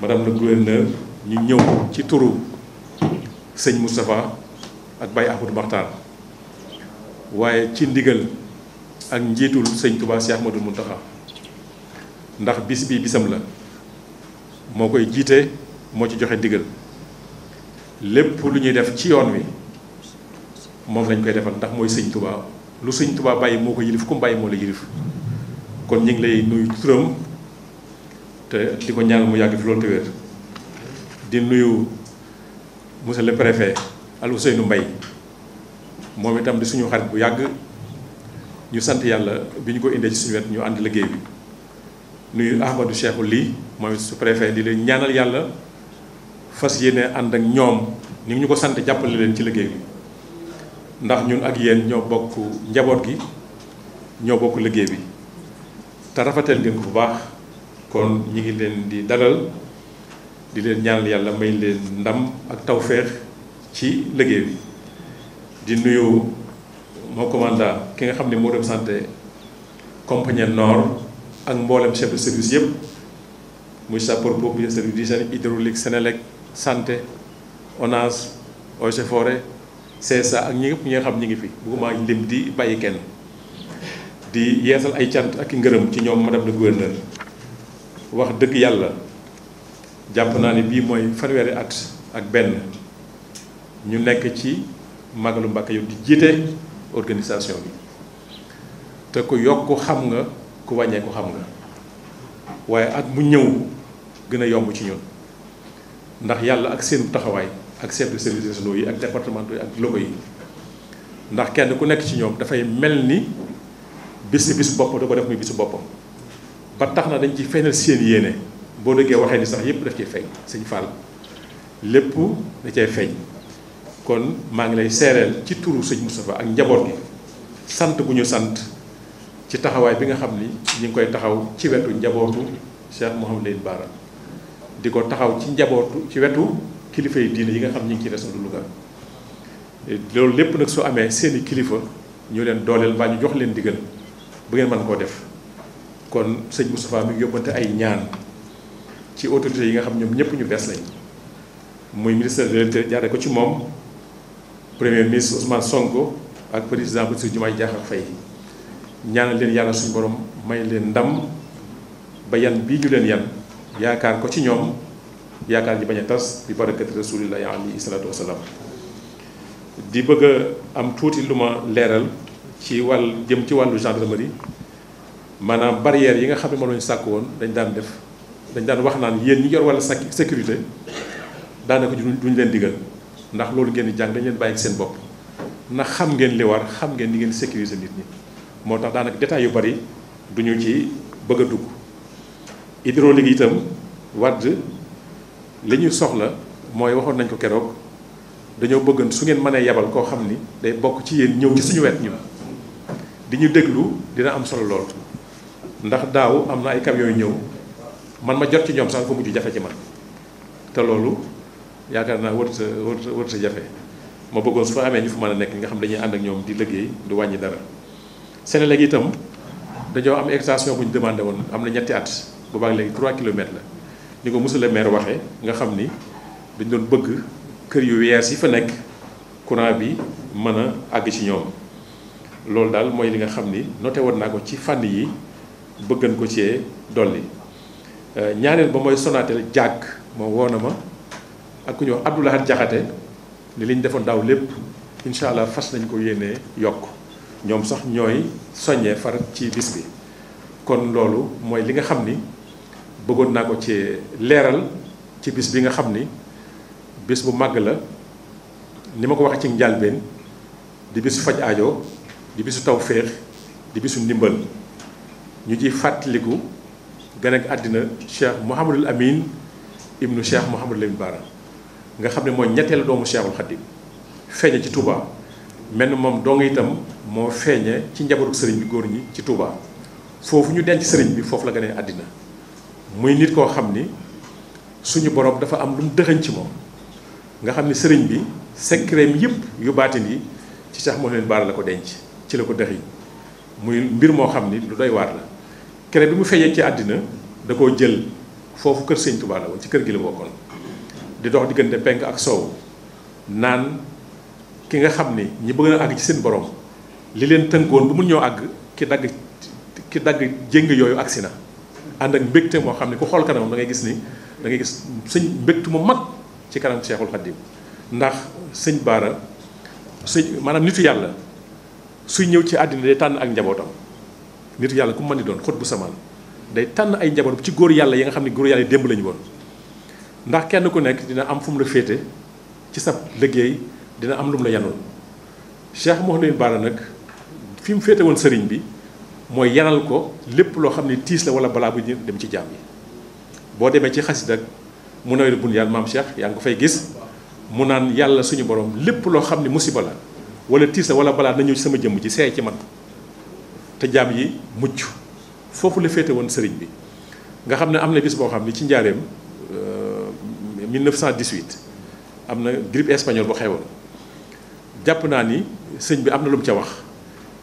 madame le gouverneur ñu ñëw ci turu sëñ Moustapha ak Baye Ahmadou Makhtar waaye ci ndigal ak njiitul sëñ Touba Cheikh Ahmadou Mountakha ndax bis bi bisam la moo koy jiite moo ci joxe ndigal lépp lu ñuy def ci yoon wi moom lañ koy defal ndax mooy sëñ Touba lu sëñ Touba bàyyi moo ko yilif ku mu bàyyi moo la yilif kon ñu lay nuyu turam te di ko ñaan mu yàgg fi loolu te di nuyu monsieur le préfet Aliou Seynou Mbaye moom itam di suñu xarit bu yàgg ñu sant yàlla bi ñu ko indee ci suñu wet ñu ànd liggéey bi nuyu Ahmadou Cheikhou lii mooy su préfet di leen ñaanal yàlla fas yéene ànd ak ñoom ni ñu ko sant jàppale leen ci liggéey bi ndax ñun ak yéen ñoo bokk njaboot gi ñoo bokk liggéey bi te rafetal ngeen bu baax kon ñi ngi leen di dalal di leen ñaan yàlla may leen ndam ak tawféex ci liggéey bi di nuyu mon commandant ki nga xam ne moo dem santé compagnie nord ak mboolem chef de service yëpp muy sapeur-pompier service d'hygiène hydraulique Sénélec santé ONAS Eaux et ak ñi ñëpp ñu nga xam ñi ngi fi bëgguma lim di bàyyi kenn di yeesal ay cant ak i ngërëm ci ñoom madame le gouverneur wax dëgg yàlla jàpp naa ne bii mooy fanweeri at ak benn ñu nekk ci Magalu Mbàkke yow di jiite organisation bi te ko yokk xam nga ku wàññeeku xam nga waaye at mu ñëw gën a yomb ci ñun ndax yàlla ak seen taxawaay ak chef de service régionaux yi ak départementaux yi ak locaux yi ndax kenn ku nekk ci ñoom dafay mel ni bis bis bopp da ko def muy bisu boppam ba tax na dañ ci feeñal seen yéene boo déggee waxee ni sax yëpp daf ciy feeñ sëñ Fall lépp da cay feeñ kon maa ngi lay seereel ci turu sëñ Moustapha ak njaboot gi sant bu ñu sant ci taxawaay bi nga xam ni ñu ngi koy taxaw ci wetu njabootu Cheikh Mouhamadou Bara di ko taxaw ci njabootu ci wetu kilifa yi diine yi nga xam ñu ngi ciy des Louga loolu lépp nag su amee seeni kilifa ñu leen dooleel mbaa ñu jox leen digal bu ngeen mën koo def. kon sëñ Moustapha mi ngi yóbbante ay ñaan ci autorités yi nga xam ñoom ñëpp ñu bees lañ muy ministère de l'intérieur jaare ko ci moom premier ministre Ousmane Sonko ak président Bassirou Diomaye Diakhar Faye ñaanal leen yàlla suñu borom may leen ndam ba yan bii ñu leen yan yaakaar ko ci ñoom yaakaar ji bañ a tas bi barakati rasulillahi alayhi salaatu wasalaam di bëgg a am tuuti lu ma leeral ci wàll jëm ci wàllu gendarmerie maanaam barrière yi nga xam ne moom lañu sàkk woon dañ daan def dañ daan wax naan yéen ñi yor walla sa sécurité daanaka duñ leen digal ndax loolu ngeen di jàng dañ leen bàyyi seen bopp ndax xam ngeen li war xam ngeen ni ngeen sécuriser nit ñi moo tax daanaka détails yu bari duñu ci bëgg a idrolik hydraulique itam wadd li ñuy soxla mooy waxoon nañ ko keroog dañoo bëggoon su ngeen mënee yabal koo xam ni day bokk ci yéen ñëw ci suñu wet ñu di ñu déglu dina am solo lool ndax daaw am na ay camions yu ñëw man ma jot ci ñoom sax dafa mujj jafe ci man te loolu yaakaar naa warut sa warut sa warut sa jafe ma bëggoon su fa amee ñu fa man a nekk nga xam dañuy ànd ak ñoom di liggéey du wàññi dara. Senelec itam dañoo am extension bu ñu woon am na ñetti at boobaag léegi 3 kilomètres la ni ko monsieur le maire waxee nga xam ni dañ doon bëgg kër yu wees yi fa nekk courant bi mën a àgg ci ñoom loolu daal mooy li nga xam ni noté woon naa ko ci fànn yi. bëggan ko ci dolli euh, ñaareel ba mooy Sonatel jàkk moom woo na ma ak ku ñuy wax Jaxate ni li ñu defoon daaw lépp incha allah fas nañ ko yéenee yokk ñoom sax ñooy soññee far ci bis bi kon loolu mooy li nga xam ni bëggoon naa ko ci leeral ci bis bi nga xam ni bis bu màgg la ni ma ko waxee ci njàlbeen di bisu faj aajo di bisu tawféex di bisu ndimbal ñu ciy fàttaliku gane àddina Cheikh Mouhamadul Amin ibnu Cheikh Mouhamadul Amin Bara nga xam ne mooy ñetteelu doomu Cheikhul Khadim feeñe ci Touba mel moom dong itam moo feeñe ci njabootu sëriñ bi góor ñi ci Touba foofu ñu denc sëriñ bi foofu la gane àddina muy nit koo xam ni suñu boroom dafa am lu mu dëxëñ ci moom nga xam ni sëriñ bi secret yëpp yu baatin yi ci Cheikh Mouhamadul Bara la ko denc ci la ko dëxiñ muy mbir moo xam ni lu doy waar kere bi mu feeñee ci àddina da koo jël foofu kër sëñ Tuubaa la ci kër gi la bokkoon di dox diggante penk ak sow naan ki nga xam ni ñi bëgg na àgg ci seen borom li leen tënkoon bu mu ñëw àgg ki dagg ki dagg jéng yooyu agsi na ànd ak mbégte moo xam ne ku xool kanamam da ngay gis ni da ngay gis sëñ mbégte mu mag ci kanam Cheikhul Khadim ndax sëñ Baara sëñ maanaam nitu yàlla suy ñëw ci àddina day tànn ak njabootam nit yàlla ku mën ni doon xut bu samaan day tànn ay njaboot ci góor yàlla yi nga xam ne góor yàlla yi démb lañu woon ndax kenn ku nekk dina am fu mu la féete ci sab liggéey dina am lu mu la yanoon Cheikh Mouhamadou Bara nag fi mu féete woon sëriñ bi mooy yenal ko lépp loo xam ne tiis la wala balaa bu dem ci jaam yi boo demee ci xasit ak mu nawee bun yàlla maam Cheikh yaa ngi ko fay gis mu naan yàlla suñu borom lépp loo xam ne musiba la wala tiis la wala na ñëw ci sama jëmm ji seey ci man te jaam yi mucc foofu la féete woon sëriñ bi nga xam ne am na bis boo xam ne ci njaareem 1918 euh, am na grippe espagnole bu xewoon jàpp naa ni sëñ bi am na lu mu ca wax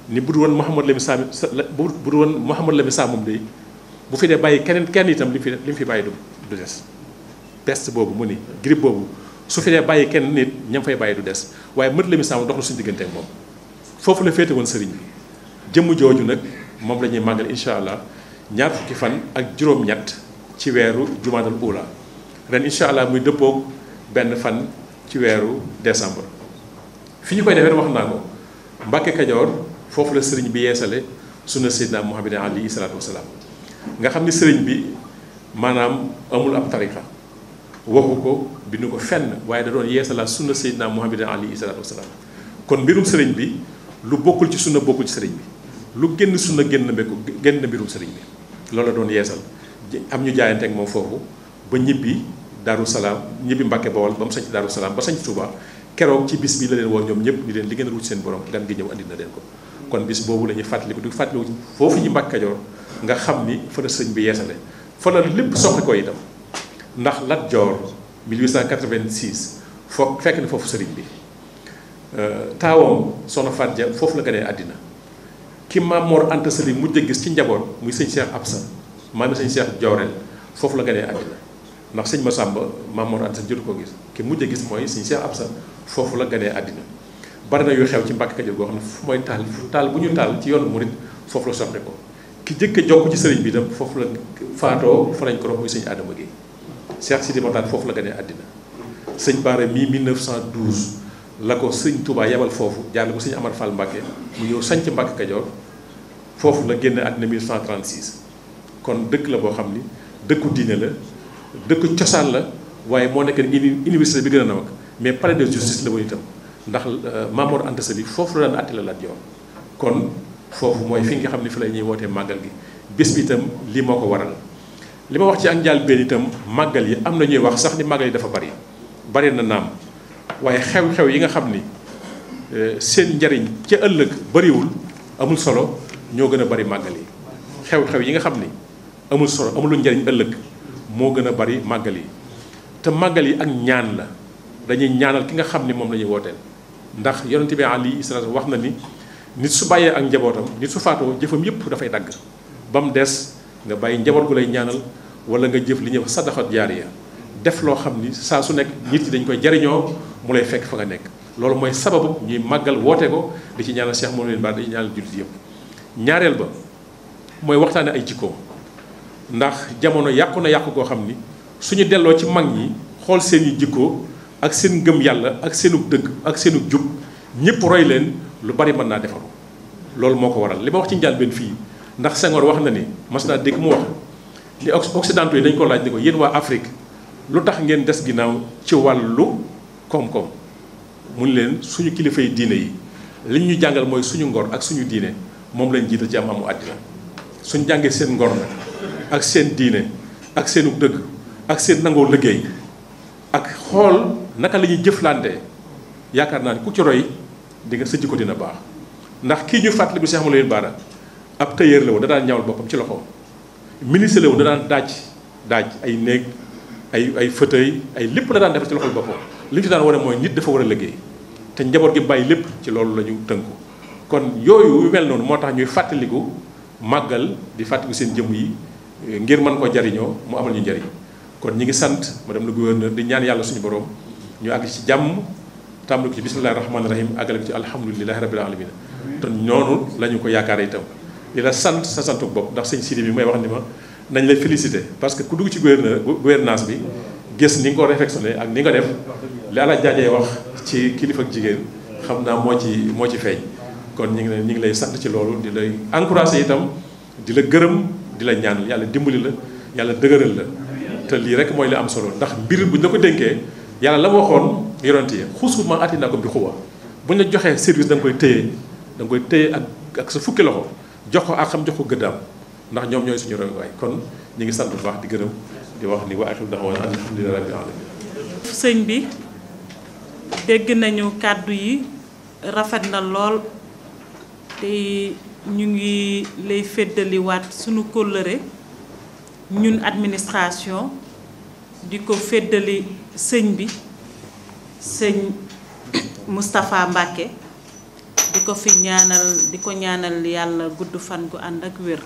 ni bu du woon Mouhamad Lamine Sam bu du woon Mouhamad Lamine Sam moom day bu fi dee bàyyi keneen kenn itam li mu fi li mu bàyyi du du des peste boobu mu ni grippe boobu su fi dee bàyyi kenn nit ñam fay bàyyi du des waaye mët Lamine Sam dox na suñu diggante moom foofu la féete woon sëriñ bi jëmm jooju nag moom la ñuy màggal incha allah ñaar fukki fan ak juróom-ñett ci weeru jumaadal uula ren incha allah muy dëppook benn fan ci weeru décembre. fi ñu koy defee wax naa ko Mbàkke Kajoor foofu la sëriñ bi yeesale sunna Seydina Muhammad alayhi salaatu wasalaam nga xam ni sëriñ bi maanaam amul ab tariqa waxu ko bindu ko fenn waaye da doon yeesalaat sunna Seydina Muhammad alayhi salaatu wasalaam kon mbirum sëriñ bi lu bokkul ci sunna bokkul ci sëriñ bi. lu génn sunna génn mbéku génn mbirum sëriñ bi loolu la doon yeesal am ñu jaayante ak moom foofu ba ñibbi daaru salaam ñibbi mbàkke bawal ba mu sañ daaru salaam ba sañ Touba keroog ci bis bi la leen woo ñoom ñëpp ni leen li ngeen ruuj seen borom gan gi ñëw andi na leen ko kon bis boobu la ñuy fàttaliku du fàttaliku foofu ñu mbàkke kajoor nga xam ni fa la sëriñ bi yeesale fa la lépp soxli ko itam ndax Lat Joor 1886 foo fekk na foofu sëriñ bi euh, taawam soxna Faat Ja foofu la gane àddina ki maam Mor Anta Sali mujj gis ci njaboot muy sëñ Cheikh Absa maam sëñ Cheikh Diorel foofu la gënee àddina ndax sëñ ma maam Mor Anta Sali jotu ko gis ki mujj gis mooy sëñ Cheikh Absa foofu la gënee àddina bari na yu xew ci Mbàkke Kajoor goo xam ne fu mooy taal bu ñu taal ci yoonu murit foofu la soppe ko ki jëkk a jokk ci sëriñ bi itam foofu la faatoo fa ko rox muy sëñ Adama Gueye Cheikh Sidi Mokhtar foofu la gënee àddina sëñ Bara mii 1912 la ko sëñ Touba yebal foofu jaarle ko sëñ Amar Fall Mbàkke mu ñëw sañ sanc Mbàkke Kajoor foofu la génne àddina 1136 kon dëkk la boo xam ni dëkku diine la dëkku cosaan la waaye moo nekk université bi gën a na mag mais palais de justice la woon itam ndax euh, Mamor Anta Sali foofu la daan àtte la Lat kon foofu mooy fi nga xam ne fi la ñuy wootee màggal gi bés bi itam lii moo ko waral li ma wax ci ak njëlbéen itam màggal yi am na ñuy wax sax ni màggal yi dafa bari bari na naam waaye xew-xew yi nga xam ni euh, seen njariñ ca ëllëg bariwul amul solo ñoo gën a bari màggal yi xew-xew yi nga xam ni amul solo amul njariñ ëllëg moo gën a bari màggal yi te màggal yi ak ñaan la dañuy ñaanal ki nga xam ni moom la ñuy wooteel ndax yonente bi alayhi salaatu wax na ni nit su bàyyee ak njabootam nit su faatoo jëfam yépp dafay dagg ba mu des nga bàyyi njaboot gu lay ñaanal wala nga jëf li ñuy wax jaar jaariya def loo xam ni saa su nekk nit yi dañ koy jariñoo mu lay fekk fa nga nekk loolu mooy sababu ñuy màggal woote ko di ci ñaanal Cheikh Mouhamadou Bara di ci yëpp ñaareel ba mooy waxtaane ay jikko ndax jamono yàqu na yàqu goo xam ni suñu delloo ci mag ñi xool seeni jikkoo ak seen ngëm yàlla ak seenug dëgg ak seenu jub ñëpp roy leen lu bari mën naa defaru loolu moo ko waral li ma wax ci njëlbéen fii ndax Senghor wax na ni mas naa dégg mu wax li occidentaux yi dañ ko laaj ni ko yéen waa Afrique lu tax ngeen des ginnaaw ci wàllu koom-koom mun leen suñu kilifa yi diine yi liñ ñu jàngal mooy suñu ngor ak suñu diine moom lañ jiital ci am amu àddina suñ jàngee seen ngor ak seen diine ak seenu dëgg ak seen nangoo liggéey ak xool naka la ñuy jëflante yaakaar naa ne ku ci roy di nga sëjj ko dina baax ndax kii ñu fàttali bi Cheikh Mawlana Bara ab tailleur la woon da daan ñawal boppam ci loxoom ministre la woon da daan daaj daaj ay néeg ay ay fauteuil ay lépp la daan defar ci loxol boppam li ñu ci daan wane mooy nit dafa war a liggéey te njaboot gi bàyyi lépp ci loolu la ñu tënku kon yooyu yu mel noonu moo tax ñuy fàttaliku màggal di fàttaliku seen jëmm yi eh, ngir mën ko jariñoo mu amal ñu njariñ kon ñi ngi sant moo madame le gouverneur di ñaan yàlla suñu borom ñu àgg ci jàmm tàmbali ko ci bismillahi rahmaani rahim àggale ko ci alhamdulilahi rabbil alamin te noonu la ñu ko yaakaaree itam di la sant sa santuk bopp ndax sëñ Sidi bi may wax ni ma nañ la félicité parce que ku dugg ci gouverneur gouvernance bi gis ni nga ko réflexionné ak ni nga def li ala wax ci kilifa jigéen xam naa moo ci moo ci feeñ kon ñu ngi lay ñu ngi lay sant ci loolu di lay encouragé itam di la gërëm di la ñaanal yàlla dimbali la yàlla dëgëral la te lii rek mooy li am solo ndax mbir bu ñu la ko dénkee yàlla la waxoon yonent yi xusu ma ati ko bi xuwa bu ñu la joxee service danga koy téye da koy téye ak ak sa fukki loxo jox ko ak xam jox ko gëddaam ndax ñoom ñooy suñu roy waay kon ñu ngi sant bu baax di gërëm di wax ni wa axiru da'waana alhamdulillahi a alamin sëñ bi dégg nañu kàddu yi rafet na lool tey ñu ngi lay feddaliwaat sunu kóllëre ñun administration di ko feddali sëñ bi sëñ Moustapha Mbacke di ko fi ñaanal di ko ñaanal yàlla gudd fan gu ànd ak wér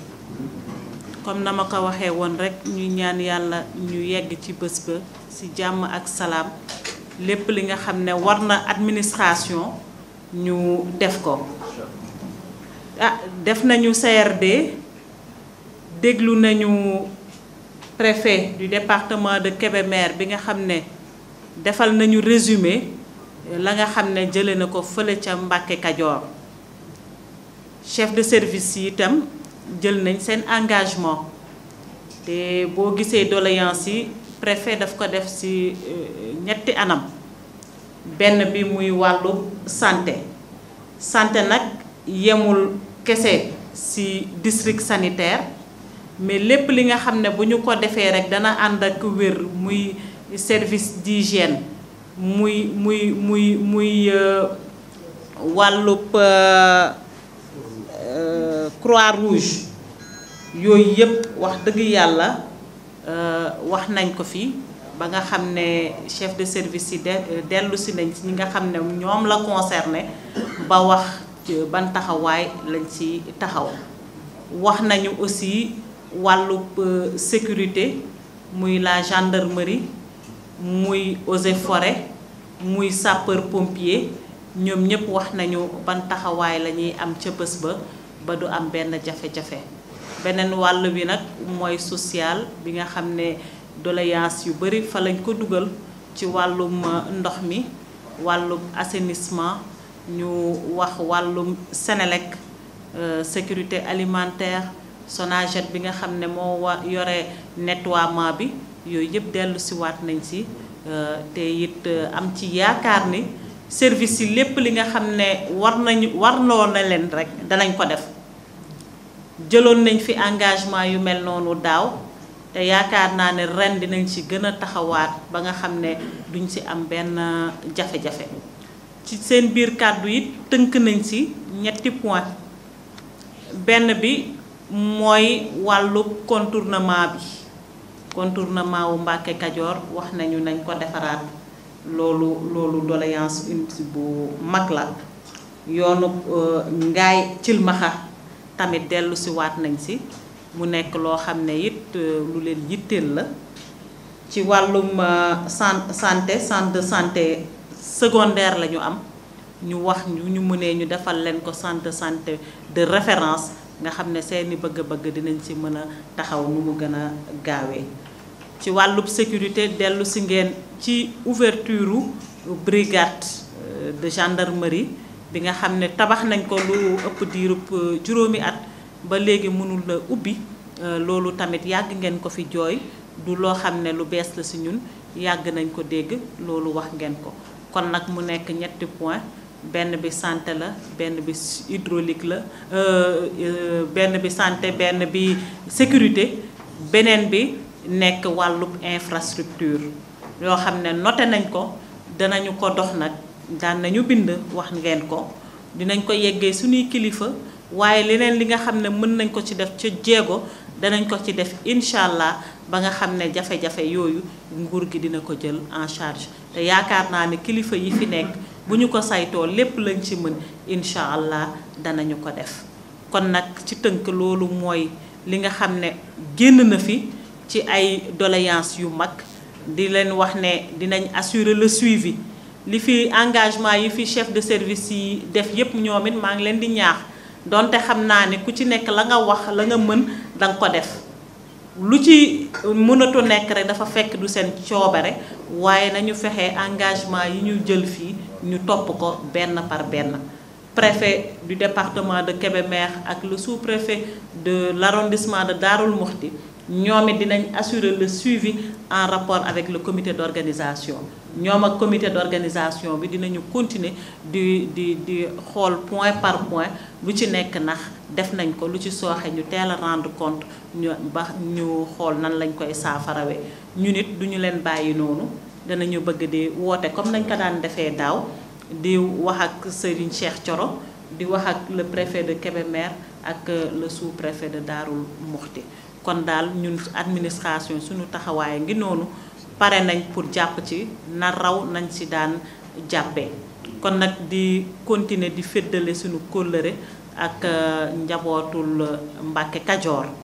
comme na ma ko waxee woon rek ñuy ñaan yàlla ñu yegg ci bés ba ci jàmm ak salaam lépp li nga xam ne war na administration ñu def ko ah def nañu CRD déglu nañu préfet du département de Kébémer bi nga xam ne defal nañu résumé la nga xam ne jële na ko fële ca Mbàkke Kajoor chef de service yi itam jël nañ seen engagement te boo gisee doléance yi préfet daf ko def ci euh, ñetti anam benn bi muy wàllu santé santé nag yemul kese ci district sanitaire mais lépp li nga xam ne bu ñu ko defee rek dana ànd ak wér muy service d'hygiène muy muy muy muy wàllu euh, wàllub euh, euh, croix rouge yooyu yëpp wax dëgg yàlla wax nañ ko fi ba nga xam ne chef de service yi dellu si nañ ci ñi nga xam ne ñoom la concerné ba wax ban taxawaay lañ ci taxaw wax nañu aussi wàllub euh, sécurité muy la gendarmerie muy eaux forêt muy sapeur pompier ñoom ñëpp wax nañu ban taxawaay la ñuy am ca bës ba ba du am benn jafe-jafe beneen wàll bi nag mooy social bi nga xam ne doléance yu bëri fa lañ ko dugal ci wàllum euh, ndox mi wàllu assainissement ñu wax wàllum Sénélec euh, sécurité alimentaire Sonaged bi nga xam ne moo wa yore nettoiement bi yooyu yëpp dellu waat nañ si euh, te it euh, am ci yaakaar ni service yi lépp li nga xam ne war nañu war noo na leen rek danañ ko def jëloon nañ fi engagement yu mel noonu daaw te yaakaar naa ne ren dinañ ci gën a taxawaat ba nga xam ne duñ ci am benn jafe-jafe ci seen biir kàddu yi tënk nañ ci ñetti point benn bi mooy wàllu contournement bi contournement wu Mbàkke Kajoor wax nañu nañ ko defaraat loolu loolu doléance unité bu mag la yoonu euh, ngaay cilmaxa tamit dellu waat nañ si mu nekk loo xam ne it euh, lu leen yitteel la ci wàllum euh, san santé santé secondaire la ñu am ñu wax ñu ñu mënee ñu defal leen ko centre santé de référence nga xam ne seeni bëgg-bëgg dinañ ci mën a taxaw nu mu gën a gaawee ci wàllub sécurité dellu si ngeen ci ouverture brigade euh, de gendarmerie bi nga xam ne tabax nañ ko lu ëpp diirub euh, juróomi at ba léegi mënul la ubbi euh, loolu tamit yàgg ngeen ko fi jooy du loo xam ne lu bees la si ñun yàgg nañ ko dégg loolu wax ngeen ko kon nag mu nekk ñetti point benn bi santé la benn bi hydraulique la euh, euh, benn bi santé benn bi sécurité beneen bi nekk wàllub infrastructure yoo xam ne noté nañ ko danañu ko dox nag daan nañu bind wax ngeen ko dinañ ko yeggee suñuy kilifa waaye leneen li nga xam ne mën nañ ko ci def ca jéego danañ ko ci def incha allah ba nga xam ne jafe-jafe yooyu nguur gi dina ko jël en charge te yaakaar naa ne kilifa yi fi nekk bu ñu ko saytoo lépp lañ ci mën incha allah danañu ko def kon nag ci tënk loolu mooy li nga xam ne génn na fi ci ay doléance yu mag di leen wax ne dinañ assurer le suivi li fi engagement yi fi chef de service yi def yépp ñoom it maa ngi leen di ñaax donte xam naa ne ku ci nekk la nga wax la nga mën da nga ko def lu ci mënatu nekk rek dafa fekk du seen coobare waaye nañu fexe engagement yi ñu jël fii ñu topp ko benn par benn préfet du département de Kébémer ak le sous-préfet de l'arrondissement de Darou Mouhty ñoom it dinañ assurer le suivi en rapport avec le comité d'organisation ñoom ak comité d'organisation bi dinañu continuer di di di xool point par point lu ci nekk ndax def nañ ko lu ci sooxe ñu teel a rendre compte ñu ba ñu xool nan lañ koy saafarawee ñu nit duñu leen bàyyi noonu danañu bëgg di woote comme nañ ko daan defee daaw di wax ak Serigne Cheikh coro di wax ak le préfet de Kébémer ak euh, le sous-préfet de Darou Mouhty kon daal ñun administration suñu taxawaay ngi noonu pare nañ pour jàpp ci na raw nañ si daan jàppee kon nag di continuer di féddale suñu kóllëre ak euh, njabootul Mbàkke Kajoor